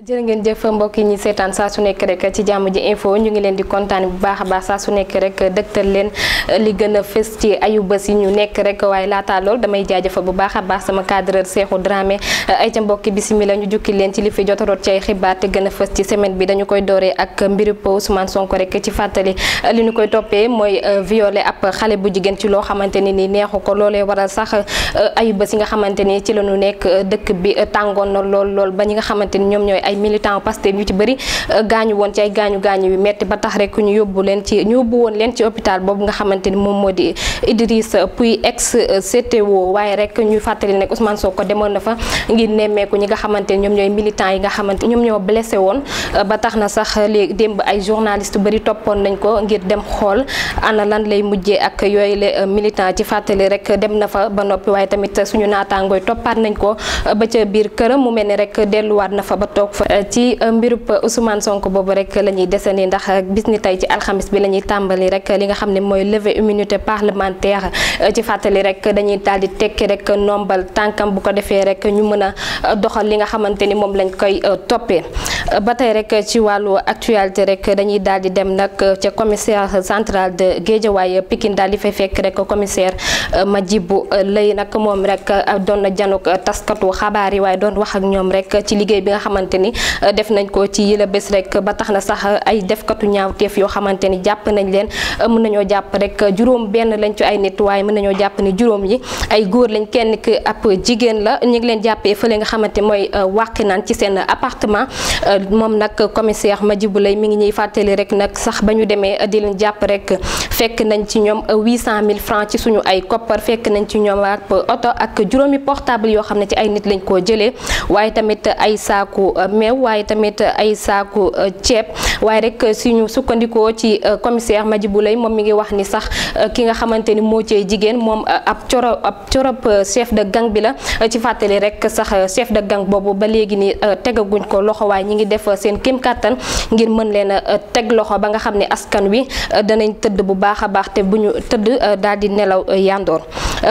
jërë ngeen jëf mbokk yi ñi seetaan saa su nekk rek ci jàmm ji info ñu ngi leen di kontaan bu baax a baax saa su nekk rek dëgtal leen li gën a fës ci ayu bés yi ñu nekk rek waaye laataa damay jaajëfal bu baax a baax sama cadreur Cheikhou Dramé ay ca mbokki bisimila ñu jukki leen ci li fi jotaroot ci ay xibaar te gën a fës semaine bi dañu koy dooree ak mbiru po Ousmane Sonko rek ci fàttali li ñu koy toppee mooy euh, violé ab xale bu jigéen ci loo xamante ni ni neexu ko loolee waral sax euh, ayu bés yi nga xamante ni ci la ñu nekk euh, dëkk bi tàngoon na lool lool ba ñi nga xamante ni ñoom ñooy ay militant Pastef yu ci bëri euh, gaañu woon ci ay gaañu gaañu yu metti ba tax rek ñu yóbbu leen ci ñu yóbbu woon leen ci hôpital boobu nga xamante ni moom moo di Idriss Pouye ex CTO waaye rek ñu fàttali ne Ousmane Sonko demoon na fa ngir nemmeeku ñi nga xamante ni ñoom ñooy militants yi nga xamante ñoom ñoo blessé woon euh, ba tax na sax léegi démb ay journaliste bëri toppoon nañ ko ngir dem xool ana lan lay mujjee ak yooyu la euh, militant ci fàttali rek dem na fa ba noppi waaye tamit suñu naataangooy toppaat nañ ko ba ca biir këram mu mel ni rek delluwaat na fa ba toog Eh, ci eh, mbirub Ousmane sonk boobu rek la ñuy desandi ndax bis ni tey ci alxamis bi la ñuy tàmbali rek li nga xam ne mooy levée immunité parlementaire eh, ci fàttali rek dañuy daal di tekki rek nombal tànkam bu ko defee rek ñu mën a doxal li nga xamante ni moom lañ koy toppee. ba tey rek ci wàllu actualité rek dañuy daal di dem nag ca commissaire centrale de Guédiawaye Pikine daal di fay fekk rek commissaire ma euh, Madjibou Lay nag moom rek euh, doon na euh, taskatu xabaar yi waaye doon wax ak ñoom rek ci liggéey bi nga xamante ni def nañ ko ci yëla bés rek ba tax na sax ay defkatu ñaawteef yoo xamante ni jàpp nañ leen mën nañoo jàpp rek juróom benn lañ ci ay nit waaye mën nañoo jàpp ni juróom yi ay góor lañ kenn ki ab jigéen la ñu ngi leen jàppee fële nga xamante mooy wàqi naan ci seen appartement moom nag commissaire Madjibou Lay mi ngi ñuy fàttali rek nag sax ba ñu demee di leen jàpp rek fekk nañ ci ñoom 800000 francs ci suñu ay koppar fekk nañ ci ñoom ak oto ak juróomi portable yoo xam ne ci ay nit lañ koo jëlee waaye tamit ay saaku euh, meew waaye tamit ay saaku euh, ceeb waaye rek suñu sukkandikoo ci euh, commissaire Madjibou Lay moom mi ngi wax ni sax ki nga xamante ni moo cee jigéen moom ab coro ab corop chef de gang bi la ci fàttali rek sax chef de gang boobu ba léegi ni tegaguñ ko loxo waaye ñi ngi def seen kim kàttan ngir mën leen teg loxo ba nga xam ne askan wi danañ tëdd bu baax a baax te bu ñu tëdd daal di nelaw yandoor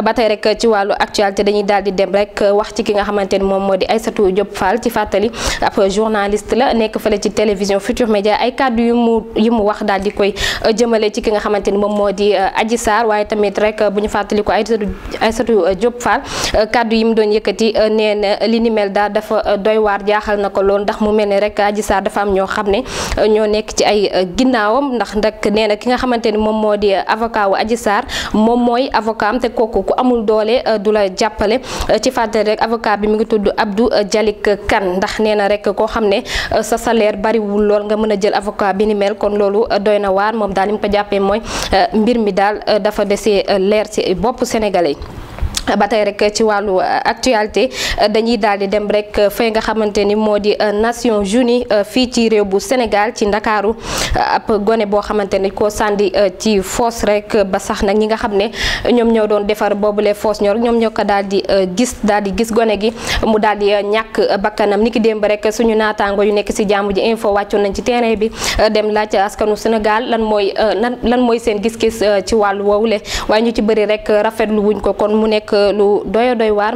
ba tey rek ci wàllu actualité dañuy daal di dem rek wax ci ki nga xamante ni moom moo di Aïssatou Diop Fall ci fàttali ab journaliste la nekk fële ci télévision Futur Média ay kàddu yu mu yu mu wax daal di koy jëmale ci ki nga xamante ni moom moo di Adji Sarr waaye tamit rek bu ñu fàttali ay Aïssatou Diop Fall kàddu yi mu doon yëkkati nee na li ni mel daal dafa doy waar jaaxal na ko lool ndax mu mel ne rek rek Adji Sarr dafa am ñoo xam ne euh, ñoo nekk ci ay euh, ginnaawam ndax ndak nee na ki nga xamante ni moom moo di euh, avocat wu Adji moom mooy avocat am te kooku ku amul doole du la jàppale ci fàttali rek avocat bi mu ngi tudd Abdou Jalik Kan ndax nee na rek koo xam ne sa salaire bariwul lool nga mën a jël avocat bi ni mel kon loolu doy na waar moom daal li mu ko jàppee mooy mbir mi daal dafa desee leer ci bopp sénégalais ba tey rek ci wàllu euh, actualité euh, dañuy daal di dem rek euh, fay nga xamante ni moo di nation Unies fii ci réew bu Sénégal ci ndakaaru ab gone boo xamante ni ko sàndi ci foos rek ba sax nag ñi nga xam ne ñoom ñoo doon defar boobule foos ñor ñoom ñoo ko daal di gis daal di gis gone gi mu daal di ñàkk bakkanam ni ki démb rek suñu naataango yu nekk si jàmm ji info wàccoon nañ ci terrain bi dem laaj askanu Sénégal lan mooy lan mooy seen gis-gis ci wàllu woowule waaye ñu ci bëri rek lu doy doy waar.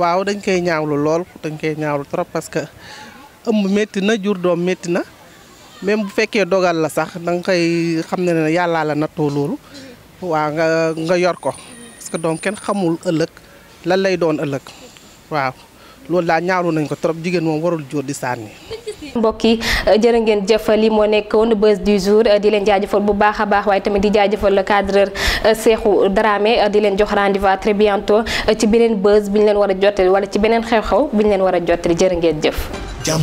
waaw dañ koy ñaawlu lool dañ koy ñaawlu trop parce que ëmb métti na jur doom métti na même bu fekkee dogal la sax da koy xam ne ne yàllaa la nattoo loolu waa nga nga yor ko parce que doom kenn xamul ëllëg lan lay doon ëllëg waaw. loolu daal ñaaru nañ ko trop jigéen moom warul jóor di sànni. mbokk yi euh, jërë ngeen jëf li moo nekkoon bés di jour euh, di leen jaajëfal bu baax a baax waaye tamit di jaajëfal le cadreur Cheikhou euh, Dramé di leen jox rendez-vous ci beneen bés bi ñu leen war a jottali wala ci beneen xew-xew bi ñu leen war a jottali jërë ngeen jëf. jàmm